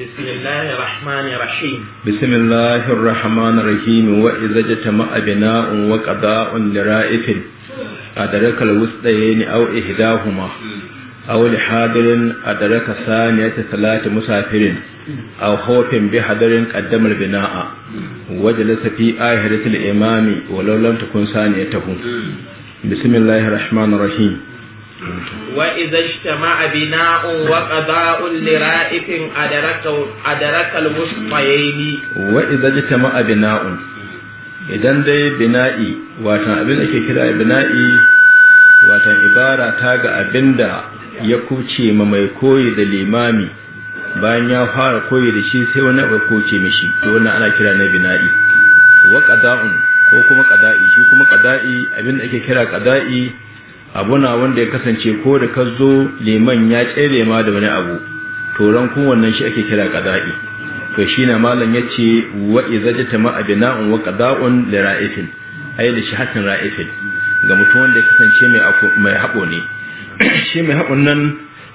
بسم الله الرحمن الرحيم بسم الله الرحمن الرحيم وإذا اجتمع بناء وقضاء لرائف أدرك الوسطين أو إحداهما أو لحاضر أدرك ثانية ثلاث مسافر أو خوف بحضر قدم البناء وجلس في آهرة الإمام ولو لم تكن ثانيته بسم الله الرحمن الرحيم وإذا اجتمع بناء وقضاء لرائف أدرك أدرك المشطيين وإذا اجتمع بناء idan dai bina'i watan abin da ke kira bina'i watan ibara ta ga abinda ya kuce ma mai koyi da limami bayan ya fara koyi da shi sai wani abu kuce mishi to wannan ana kira na bina'i wa qada'un ko kuma qada'i shi kuma qada'i abin da ake kira qada'i abuna wanda ya kasance ko da ka zo liman ya tsere ma da wani abu to ran kun wannan shi ake kira qada'i to shi na malam yace wa idza jatama abina'un wa qada'un li ra'ifin ai da hakan ra'ifin ga mutum wanda ya kasance mai mai habo ne shi mai habon nan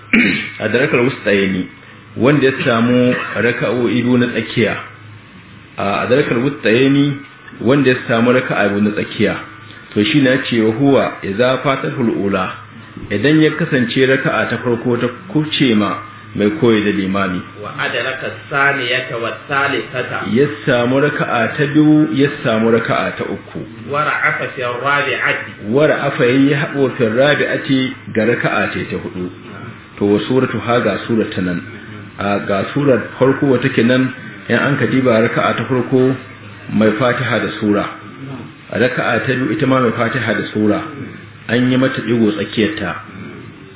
a darakar wustayni wanda ya samu raka'o'i ido na tsakiya a darakar wustayni wanda ya samu raka'a ido na tsakiya to shi na ce wa huwa idza fatar hul'ula idan ya kasance a ta farko ta kuce ma mai koyi da limami wa ya saniyata wa thalithata ya samu raka'a ta biyu ya samu raka'a ta uku Wara afa fi rabi'ati wara'afa yayi habo fi rabi'ati ga raka'a ta ta hudu to suratu ha ga ta nan a ga surar farko wata kenan in an ka diba raka'a ta farko mai fatiha da sura raka'a ta biyu ita ma mai fatiha da sura an yi mata digo tsakiyarta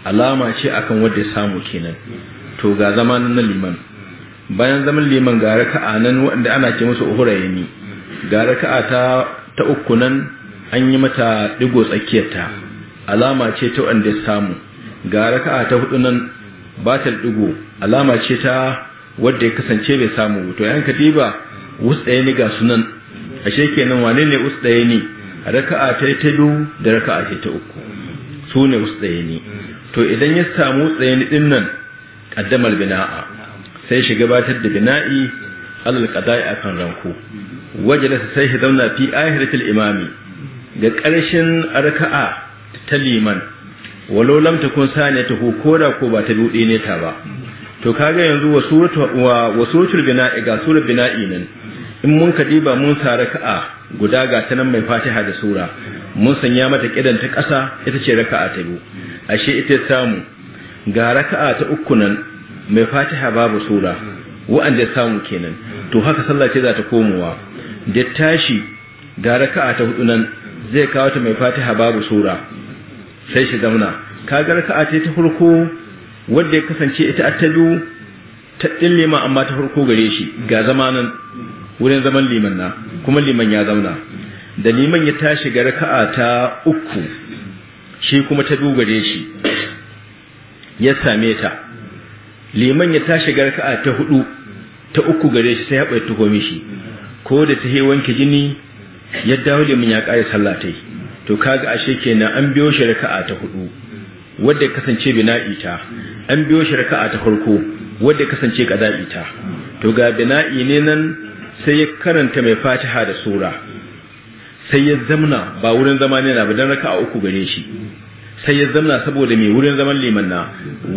alama ce akan wanda ya samu kenan to ga zaman na liman bayan zaman liman ga raka'a nan wanda ana ce musu uhurayni ga raka'a ta ta uku nan an yi mata digo tsakiyarta alama ce ta wanda ya samu ga raka'a ta hudu nan batal digo alama ce ta wanda ya kasance bai samu to yan katiba wus ɗaya ne ga sunan ashe kenan wane ne usɗaya ne raka'a ta ta biyu da raka'a ta ta uku su ne usɗaya ne to idan ya samu tsaye din nan ƙaddamar bina'a sai shi gabatar da bina'i alal qada'i akan ranko wajala sai shi zauna fi ahiratul imami ga ƙarshen raka'a ta liman walau lam takun ta koda ko ba ta biyu ne ta ba to kaga yanzu wa suratul bina'i ga suratul bina'i nan in mun ka diba mun sa raka'a guda ga ta nan mai fatiha da sura mun sanya mata kidan ta kasa ita ce raka'a ta biyu ashe ita samu ga raka'a ta uku nan mai fatiha babu sura wa'anda samu kenan to haka sallah ce za ta komowa da tashi ga raka'a ta hudu nan zai kawo ta mai fatiha babu sura sai shi zamna kaga raka'a ce ta farko wanda ya kasance ita ta biyu ta ma amma ta farko gare shi ga zamanan wurin zaman liman na kuma liman ya zauna da liman ya tashi ga raka'a ta uku shi kuma ta dogare shi ya same ta liman ya tashi ga raka'a ta hudu ta uku gare shi sai ya bai tuho mishi ko da ta he wanke jini ya dawo liman ya kare sallah to kaga ashe kenan an biyo shi raka'a ta hudu wanda ya kasance bina'i ta an biyo shi raka'a ta farko wanda ya kasance qada'i ta to ga bina'i ne nan sai ya karanta mai fatiha da sura sai ya zamna ba wurin zama ne na ba dan a uku gare shi sai ya zamna saboda mai wurin zaman liman na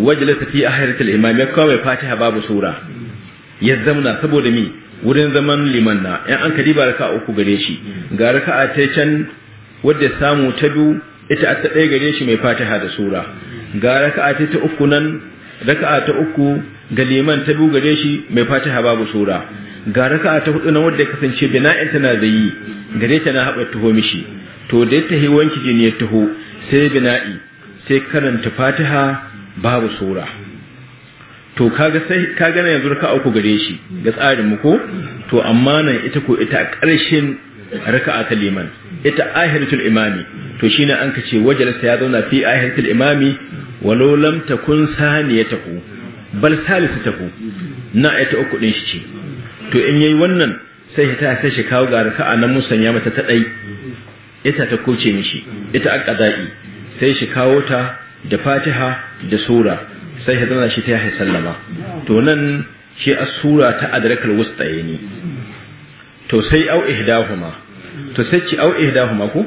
wajalasa fi ahiratul imam ya kawo mai fatiha babu sura ya zamna saboda mai wurin zaman liman na in an kadi ba a uku gare shi ga a ta can wadda samu ta biyu ita ta ɗaya gare shi mai fatiha da sura ga raka'a ta uku nan raka'a ta uku ga liman ta biyu gare shi mai fatiha babu sura ga raka'a ta hudu na wanda ya kasance bina'in tana zayi gare ta na haɓa taho mishi to da ya tahi wanki jini ya taho sai bina'i sai karanta fatiha babu sura to kaga sai kaga nan yanzu raka'a uku gare shi ga tsarin mu ko to amma nan ita ko ita a ƙarshen raka'a ta liman ita ahiratul imami to shine an kace wajalasa ya zauna fi ahiratul imami walau lam takun saniyatahu bal Salisu salisatahu na ita uku din shi ce to in yayi wannan sai shi ta sai shi kawo ga raka'a nan musanya mata ta dai ita ta koce mishi ita aqda'i sai shi kawo ta da Fatiha da sura sai shi zana shi ta yi sallama to nan shi as-sura ta adrakal ne to sai au ihdahuma to sai ci au ihdahuma ku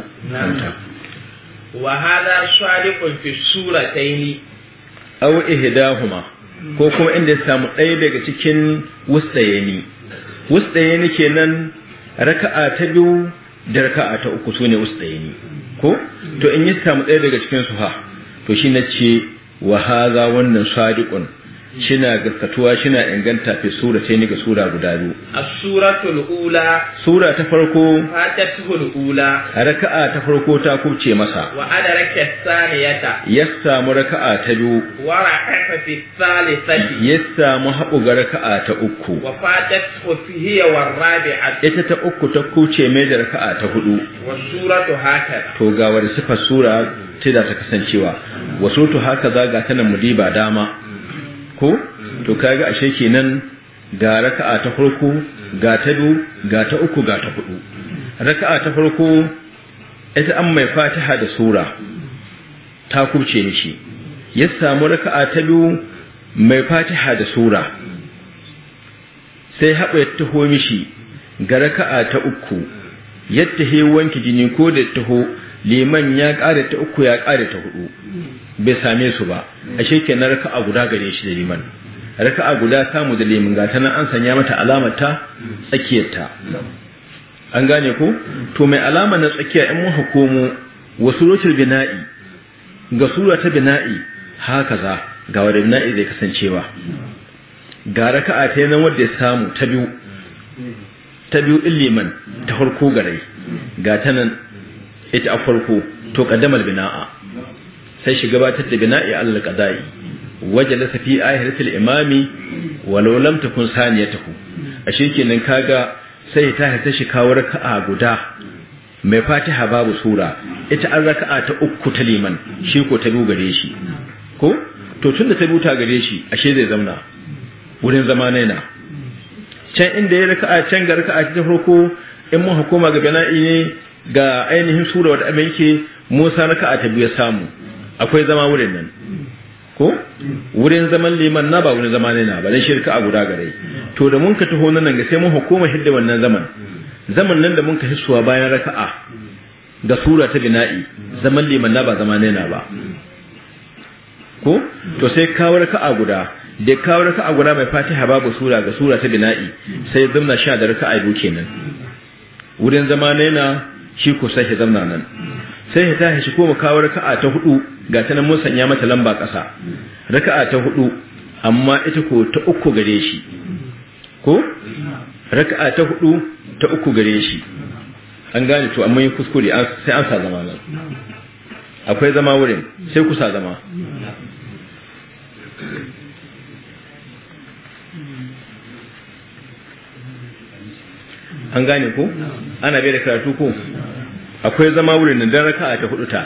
wa hada sadiqun fi surataini aw ihdahuma ko kuma inda ya samu ɗaya daga cikin wusdayeni wusdayeni kenan raka'a ta biyu da raka'a ta uku sune wusdayeni ko to in ya samu ɗaya daga cikin su ha to shi na ce wa wannan sadiqun shina gaskatuwa shina inganta fi sura ce ni ga sura guda biyu as-suratul ula sura ta farko fatatul ula raka'a ta farko ta kubce masa wa adaraka saniyata ya mu raka'a ta biyu wa raka'a fi thalithati ya mu haku ga raka'a ta uku wa fatatu fihi wa rabi'a ita ta uku ta kubce mai da raka'a ta hudu wa suratu hakata to ga wani sifar sura tida ta kasancewa wa suratu haka za ga tana mudiba dama ko to kaga ashe kenan ga raka'a ta farko ga ta biyu ga ta uku ga ta hudu raka'a ta farko ita an mai fatiha da sura ta kubce shi. ya samu raka'a ta biyu mai fatiha da sura sai haɓa ya taho mishi ga raka'a ta uku yadda he wanke jini ko da taho liman ya ƙare ta uku ya ƙare ta hudu bai same su ba a raka raka'a guda gare shi da liman raka'a guda samu da liman ta nan an sanya mata alamata tsakiyarta an gane ko to mai alama na tsakiya in mun hukumu wa bina'i ga sura ta bina'i haka za ga wa bina'i zai kasancewa ga raka'a ta nan wanda ya samu ta biyu ta biyu liman ta farko gare ga ta nan ita a farko to kaddamar bina'a sai shi gabatar da bina'i alal waje wajala fi ahiratil imami walau lam takun saniyatahu ashe kenan kaga sai ta ta shi kawo raka'a guda mai fatiha babu sura ita an raka'a ta uku ta liman shi ko ta gare shi ko to tun da ta buta gare shi ashe zai zauna wurin zama na can inda ya raka'a can ga raka'a ta farko in mun hukuma ga bana'i ne ga ainihin sura wadda abin yake musa na ka a tabi ya samu akwai zama wurin nan ko wurin zaman liman na ba wurin zama ne na ba dan shirka a guda gare to da mun ka taho nan ga sai mun hukuma hidda wannan zaman zaman nan da mun ka hissuwa bayan raka'a ga sura ta bina'i zaman liman na ba zama ne na ba ko to sai kawo raka'a guda da kawo raka'a guda mai fatiha babu sura ga sura ta bina'i sai zumna sha da raka'a biyu kenan wurin zama ne na shi ko sai shi zamna nan sai shi tashi shi koma kawo raka'a ta hudu ga ta nan musanya mata lamba ƙasa raka'a ta hudu amma ita ko ta uku gare shi ko raka'a ta hudu ta uku gare shi an gane to amma yin kuskure sai an sa zama nan akwai zama wurin sai ku sa zama an gane ko ana bai da karatu ko akwai zama wurin da dan raka'a ta hudu ta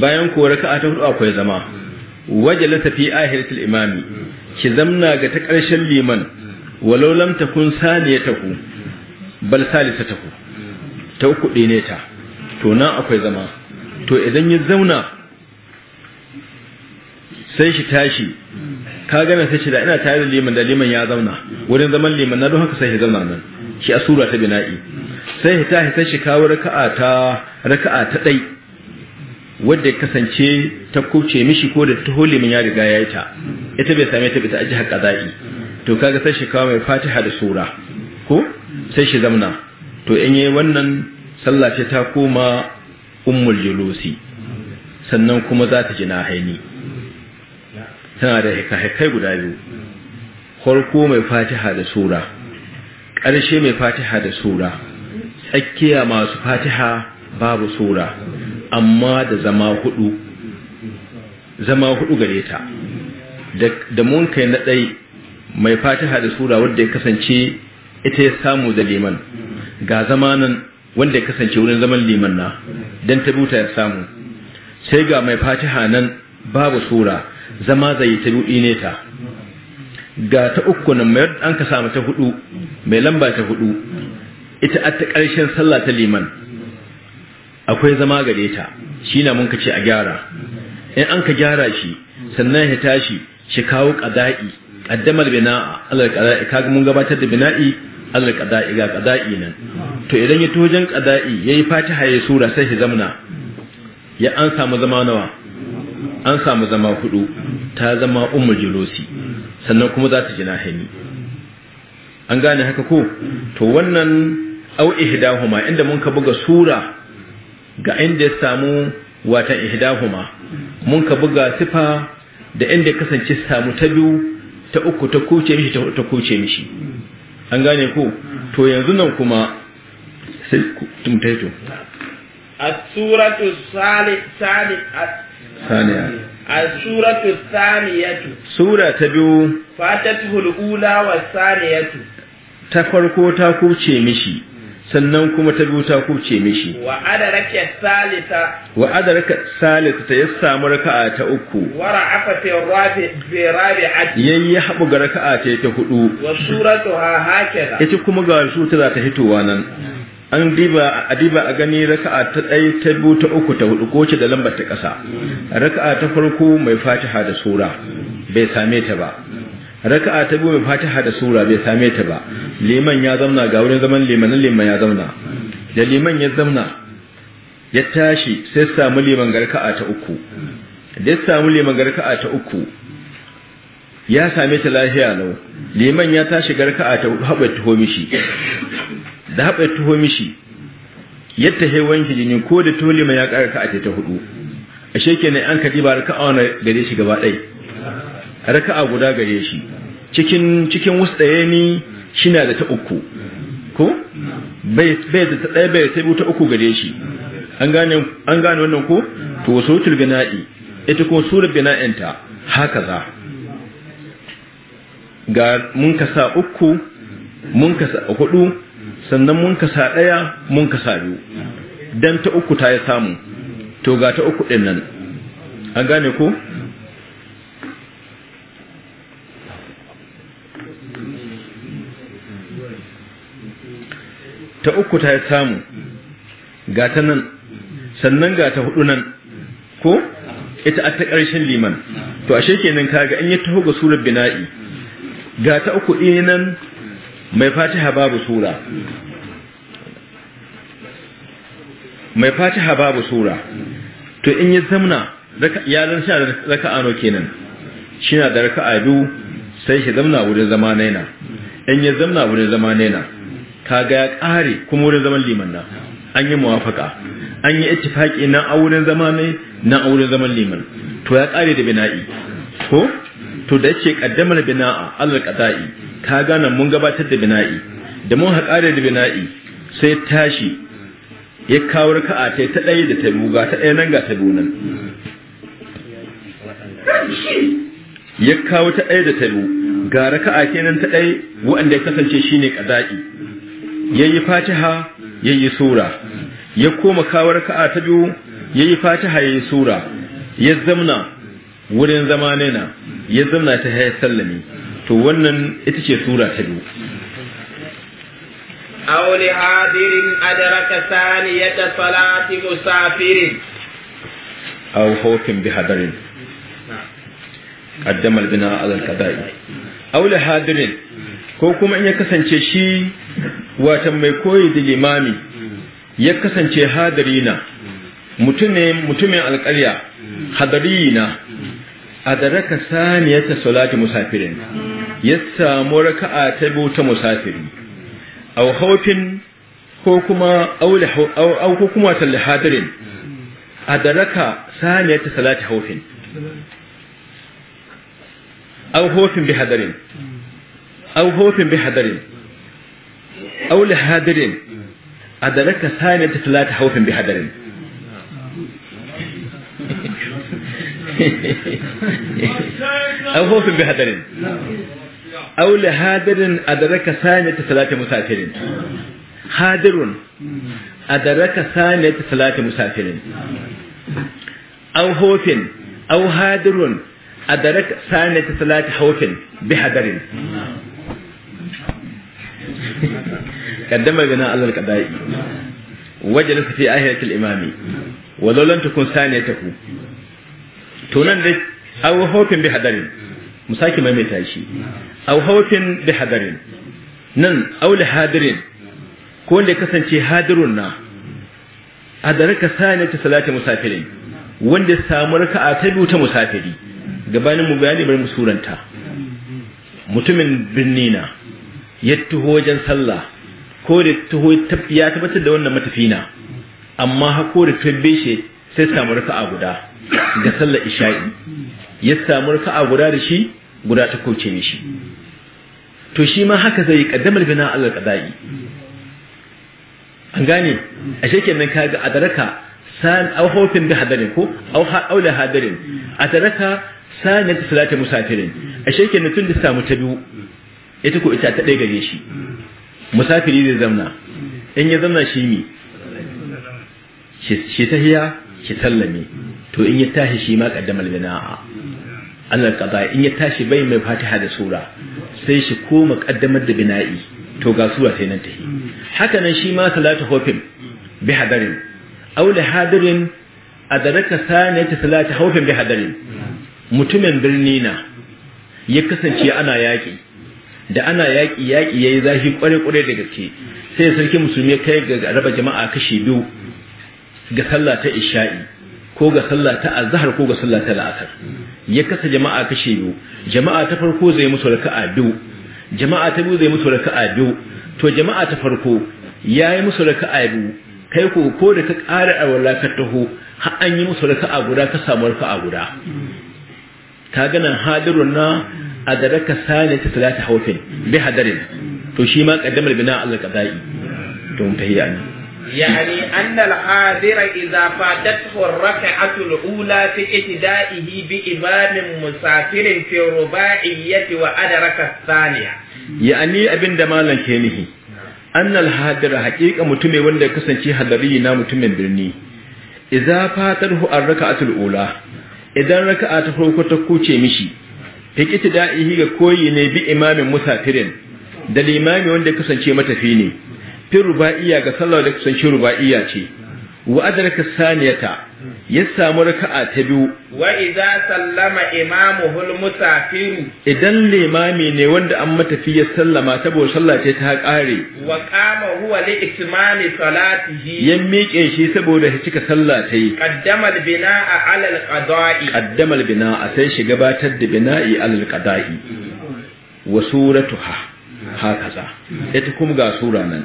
bayan ko raka'a ta hudu akwai zama ta fi ahiratul imami ki zamna ga ta karshen liman walau lam takun tahu, bal salisa ta uku ne ta to nan akwai zama to idan ya zauna sai shi tashi ka gana sai shi da ina tare da liman da liman ya zauna wurin zaman liman na don haka sai shi zauna nan shi asura ta bina'i sai ta hita shi kawo raka'a ta raka'a ta dai wanda ya kasance ta kuce mishi ko da ta hole min ya riga yayi ta ita bai same ta aji haƙa za'i to kaga sai shi kawo mai Fatiha da sura ko sai shi zamna to in yayi wannan sallah ce ta koma ummul julusi sannan kuma za ta jina haini tana da hikahikai guda biyu farko mai Fatiha da sura ƙarshe mai Fatiha da sura tsakiya masu fatiha babu sura amma da zama hudu zama hudu gare ta da mun kai na ɗai mai fatiha da sura wanda ya kasance ita ya samu da liman ga zamanin wanda ya kasance wurin zaman liman na don tabuta ya samu sai ga mai fatiha nan babu sura zama zai tabuɗi ne ta ga ta uku nan mai an ka samu ta hudu mai lamba ta hudu ita a ta ƙarshen sallah ta liman akwai zama gare ta shi na mun ce a gyara in an ka gyara shi sannan ya tashi shi kawo ƙada'i ƙaddamar bina'a alal ƙada'i kaga mun gabatar da bina'i alal ƙada'i ga ƙada'i nan to idan ya wajen ƙada'i ya yi fatiha ya sura sai shi zamna ya an samu zama nawa an samu zama hudu ta zama umar jirosi sannan kuma za ta ji nahani an gane haka ko to wannan au ihdahuma inda mun ka buga sura ga inda ya samu watan ihdahuma mun ka buga sifa da inda kasance samu ta biyu ta uku ta kuce mishi ta kuce mishi an gane ko to yanzu nan kuma sai tumtaito السورة الثانية السورة الثانية سورة تبيو فاتته Ta farko ta kuce mishi. sannan kuma ta biyu ta kubce mishi wa adaraka salisa wa adaraka salisa ta samu raka'a ta uku wa ra'afa fi rabi fi rabi'ati yayi habu ga raka'a ta ta hudu wa ha hakeza yace kuma ga su ta za ta hitowa nan an diba a diba a gani raka'a ta ɗaya ta biyu ta uku ta hudu ko ce da lambar ta ƙasa raka'a ta farko mai fatiha da sura bai same ta ba raka'a ta biyu fatiha da sura bai same ta ba liman ya zamna ga wurin zaman liman liman ya zamna da liman ya zamna ya tashi sai samu liman ga raka'a ta uku da ya samu liman ga raka'a ta uku ya same ta lafiya lau liman ya tashi ga raka'a ta haɓar tuho mishi da haɓar tuho mishi yadda haiwanki jini ko da tuho liman ya ƙara raka'a ta hudu ashe kenan an kadi ba raka'a wani gare shi gaba ɗaya raka'a guda gare shi cikin cikin shi na da ta uku ko bai bai da ta ɗaya bai ta ta uku gare shi an gane an gane wannan ko to suratul bina'i ita ko suratul ta haka za ga mun kasa uku mun kasa hudu sannan mun kasa daya mun kasa biyu dan ta uku ta ya samu to ga ta uku din nan an gane ko ta uku ta samu ga ta nan sannan ga ta hudu nan ko ita a ta ƙarshen liman to ashe kenan kaga in ya taho ga surar bina'i ga ta uku nan mai fatiha babu sura mai fatiha babu sura to in ya zamna yaran zan sha raka ano kenan shi na da raka biyu sai shi zamna wurin zama naina in ya zamna wurin zama naina kaga ya kare kuma wurin zaman liman na an yi muwafaka an yi ittifaki na auren zama ne na auren zaman liman to ya kare da bina'i ko to da yake kaddamar bina'a Allah qada'i ka gane mun gabatar da bina'i da mun ha kare da bina'i sai tashi ya kawo raka'a ta ta ɗaya da ta buga ta ɗaya nan ga ta biyu nan ya kawo ta ɗaya da ta biyu ga raka'a kenan ta ɗaya wanda ya kasance shine qada'i ya yi fatiha ya yi sura ya koma kawar a ta biyu ya yi fatiha ya yi sura ya zamna wurin zama nena ya zamna ta haya sallami to wannan ita ce sura ta biyu auli hadirin ya saniyata salati musafirin au hokin bi hadarin qaddama bina al-qada'i auli hadirin ko kuma in ya kasance shi watan mai koyi da limami ya kasance hadarina mutumin alƙarya hadarina a da raka saniyar ta salati musafirin ya samu raka'a ta biyu ta musafiri a haufin ko kuma au ko kuma a da raka saniyar ta salati haufin au haufin bi hadarin أو في بحذر أو لحذر أدرك ثانية ثلاثة في بحذر أو في بحذر أو لهادر أدرك ثانية ثلاثة مسافر هادر أدرك ثانية ثلاثة مسافر أو هوف أو هادر أدرك ثانية ثلاثة هوف بحذر kaddama bina alal qada'i wajen fi ahiyatul imami walau lam takun ku. to nan dai aw hawfin bi hadarin musaki mai mai shi aw hawfin bi hadarin nan aw li hadirin ko wanda kasance hadirun na adaraka saniyatu salati musafirin wanda samu raka'a ta biyu ta musafiri gabanin mu bayani bar suranta, mutumin birni na ya tuho wajen sallah ko da tuho ya tabbatar da wannan matafina amma hako da tabbe shi sai samu raka'a guda ga sallar isha'i ya samu raka'a guda da shi guda ta kauce mishi to shi ma haka zai kaddamar bina Allah qada'i an gane a shekenan kaga adaraka san aw hawfin bi hadarin ko aw aula hadarin adaraka sanin salati musafirin a nan tun da samu ta biyu ita ko ita ta ɗaya gare shi musafiri zai zamna in ya zamna shi mi shi tahiya shi sallame to in ya tashi shi ma kaddama bina'a Allah kaza in ya tashi bai mai fatiha da sura sai shi koma kaddamar da bina'i to ga sura sai nan tahi haka nan shi ma salatu hofin bi hadarin aw li hadirin adraka sanata salatu hofin bi hadarin mutumin birni na ya kasance ana yaki da ana yaƙi yaƙi yayi zafi ƙware ƙware da gaske sai sarki musulmi kai ga raba jama'a kashi biyu ga sallah ta isha'i ko ga sallah ta azhar ko ga sallah ta la'asar ya kasa jama'a kashe biyu jama'a ta farko zai musu raka'a biyu jama'a ta biyu zai musu raka'a biyu to jama'a ta farko yayi musu raka'a biyu kai ko ko da ka ƙara awalla ka taho har an yi musu raka'a guda ka samu raka'a guda ka ganin hadirun na adaraka salita talata hawfin bi hadarin to shi ma kaddamar bina Allah kadai to mun tafi yana yani anna al hadira idza fadat al rak'atu al ula bi imamin musafirin fi wa adaraka thaniya yani abinda malam ke mihi anna al hadira haqiqa mutume wanda kasance hadari na mutumin birni idza fatahu al rak'atu al ula idan raka'a ta farko ta kuce mishi bi kitidaihi ga koyi ne bi imamin musafirin da limami wanda kasance matafi ne fi rubaiya ga sallah da kasance rubaiya ce wa adraka saniyata ya samu raka'a ta biyu wa idza sallama imamuhu almusafir idan limami ne wanda an matafi ya sallama saboda sallah ta kare wa qama huwa li itmami salatihi ya miƙe shi saboda shi cika sallatai, ta yi qaddama albina'a ala alqada'i qaddama albina'a sai shi gabatar da bina'i ala alqada'i wa suratuha hakaza ita kuma ga sura nan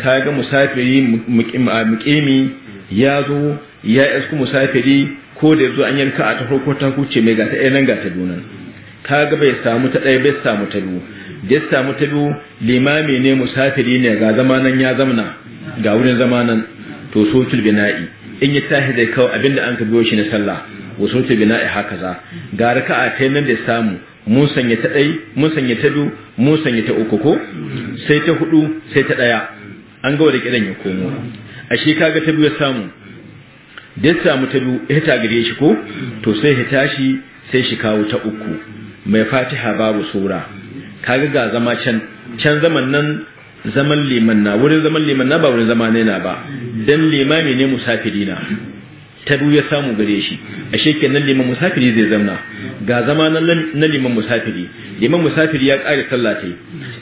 kaga musafiri muqimi ya zo ya isku musafiri ko da yazo an yanka a ta farko ta kuce mai gata ɗaya nan gata biyu nan kaga bai samu ta ɗaya bai samu ta biyu da samu ta biyu limami ne musafiri ne ga zamanan ya zamna ga wurin zamanan to sotul bina'i in ya tashi zai kawo abinda an ka biyo shi na sallah wa sotul bina'i haka za ga raka'a ta yi nan da samu mun sanya ta ɗai mun sanya ta biyu mun sanya ta uku ko sai ta hudu sai ta ɗaya an ga da kiran ya komo ashe kaga ta biyu samu da samu ta biyu ita gare shi ko to sai ya tashi sai shi kawo ta uku mai fatiha babu sura kaga ga zama can can zaman nan zaman liman na wurin zaman liman na ba wurin zama ne na ba dan limami ne musafiri na taru ya samu gare shi ashe kenan liman musafiri zai zamna ga zama na liman musafiri liman musafiri ya ƙare sallah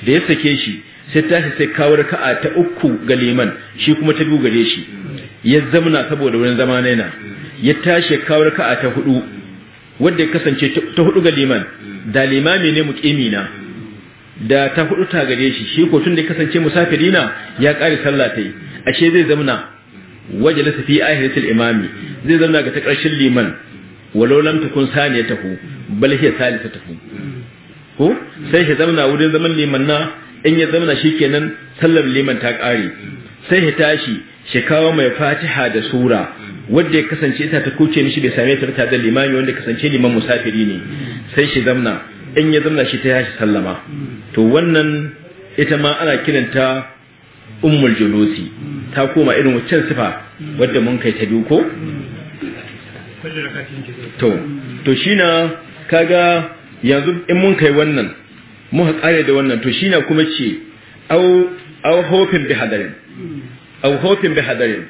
da ya sake shi sai tashi sai kawar ka'a ta uku ga liman shi kuma ta biyu gare shi ya zamna saboda wurin zama na ya tashi kawar ka'a ta hudu Wadda ya kasance ta hudu ga liman da limami ne muƙimi na da ta hudu ta gare shi shi ko tun da ya kasance musafiri na ya ƙare sallah ashe zai zamna wajalasa fi ahiratil imami zai zama ga ta ƙarshen liman walau lam takun saniyatahu bal hiya thalithatuhu ko sai ya zauna wurin zaman liman na in ya zauna kenan sallar liman ta ƙare sai ya tashi shi kawo mai fatiha da sura wanda ya kasance ita ta kuce mishi bai same ta tare da limami wanda kasance liman musafiri ne sai shi zama in ya zamna shi ta yashi sallama to wannan ita ma ana kiranta ummul julusi ta koma irin waccan sifa wadda mun kai ta duko to to shi na kaga yanzu in mun kai wannan muka kare da wannan to shi na kuma ce au au hofin bi hadarin au hofin bi hadarin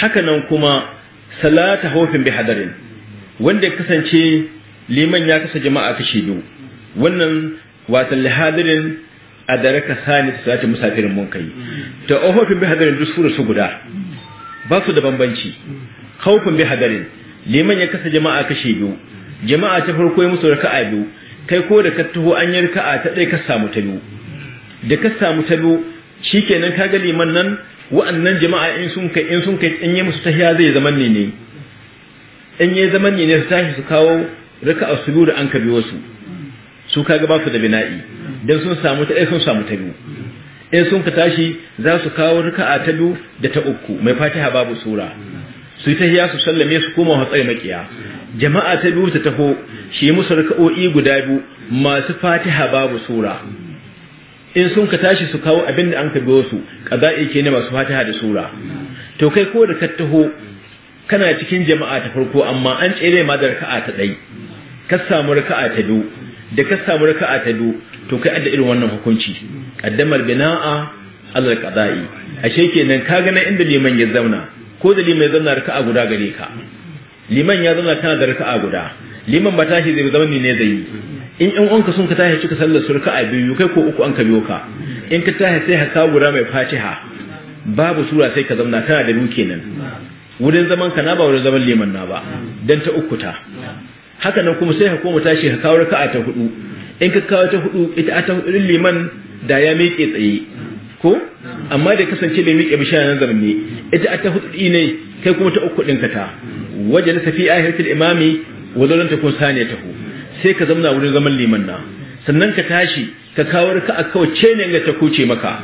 haka nan kuma salata hofin bi hadarin wanda ya kasance liman ya kasa jama'a kashi biyu wannan watan lihadirin A adaraka sani zace musafirin munkai ta ofofin bi hadarin duk sura su guda ba su da bambanci Haufin bi hadarin liman ya kasa jama'a kashe biyu jama'a ta farko ya musu raka'a biyu kai ko da ka taho an yi raka'a ta ɗaya ka samu ta biyu da ka samu ta biyu shikenan ka ga liman nan wa'annan jama'a in sun kai in sun kai in yi musu tahiya zai zaman ne ne in yi zaman ne ne su tashi su kawo raka'a su biyu da an ka biyo su su kaga ba su da bina'i dan sun samu ta ɗaya sun samu ta biyu in sun ka tashi za su kawo raka'a ta biyu da ta uku mai fatiha babu sura su yi tahiya su sallame su koma hatsari makiya jama'a ta biyu ta taho shi musu raka'o'i guda biyu masu fatiha babu sura in sun ka tashi su kawo abin da an ka biyo su kaza'i ke ne masu fatiha da sura to kai ko da ka taho kana cikin jama'a ta farko amma an tsere ma da raka'a ta ɗai ka samu raka'a ta biyu da ka samu raka'a ta biyu to kai adda irin wannan hukunci addamar bina'a alal qada'i ashe kenan ka ga nan inda liman ya zauna ko da liman ya zauna raka'a guda gare ka liman ya zauna kana da raka'a guda liman ba tashi zai zama ne zai yi in ɗan uwanka sun ka tashi cika sallar surka a biyu kai ko uku an ka biyo ka in ka tashi sai ka kawo mai fatiha babu sura sai ka zauna kana da duke nan wurin zaman ka na ba wurin zaman liman na ba dan ta uku ta haka nan kuma sai ka koma tashi ka kawo raka'a ta hudu in ka kawo ta hudu ita ta hudu liman da ya miƙe tsaye ko amma da kasance mai miƙe bishiya na zamani, ita ta hudu ne kai kuma ta uku ɗinka ta wajen safi ahirtul imami wazolan ta kun saniya taho sai ka zamna wurin zaman liman na sannan ka tashi ka kawo ka a ce ne ta kuce maka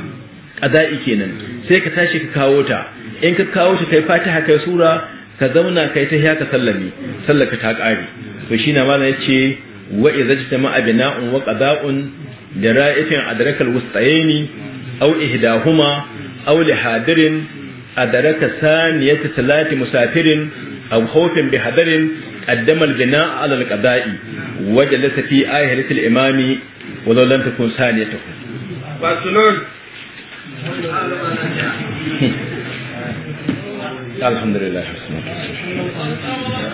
a za'i kenan sai ka tashi ka kawo ta in ka kawo ta kai fatiha kai sura ka zauna kai ta hiya ka sallame sallaka ta ƙare to shi na ya ce. wa idza jtama'a bina'un wa qada'un da ra'ifin adraka alwustaini aw ihdahuma aw lihadirin adraka saniyati salati musafirin aw khawfin bihadarin qaddama albina'a 'ala alqada'i wa jalasa fi ahirati al-imami wa law lam takun saniyatuhu Barcelona الحمد لله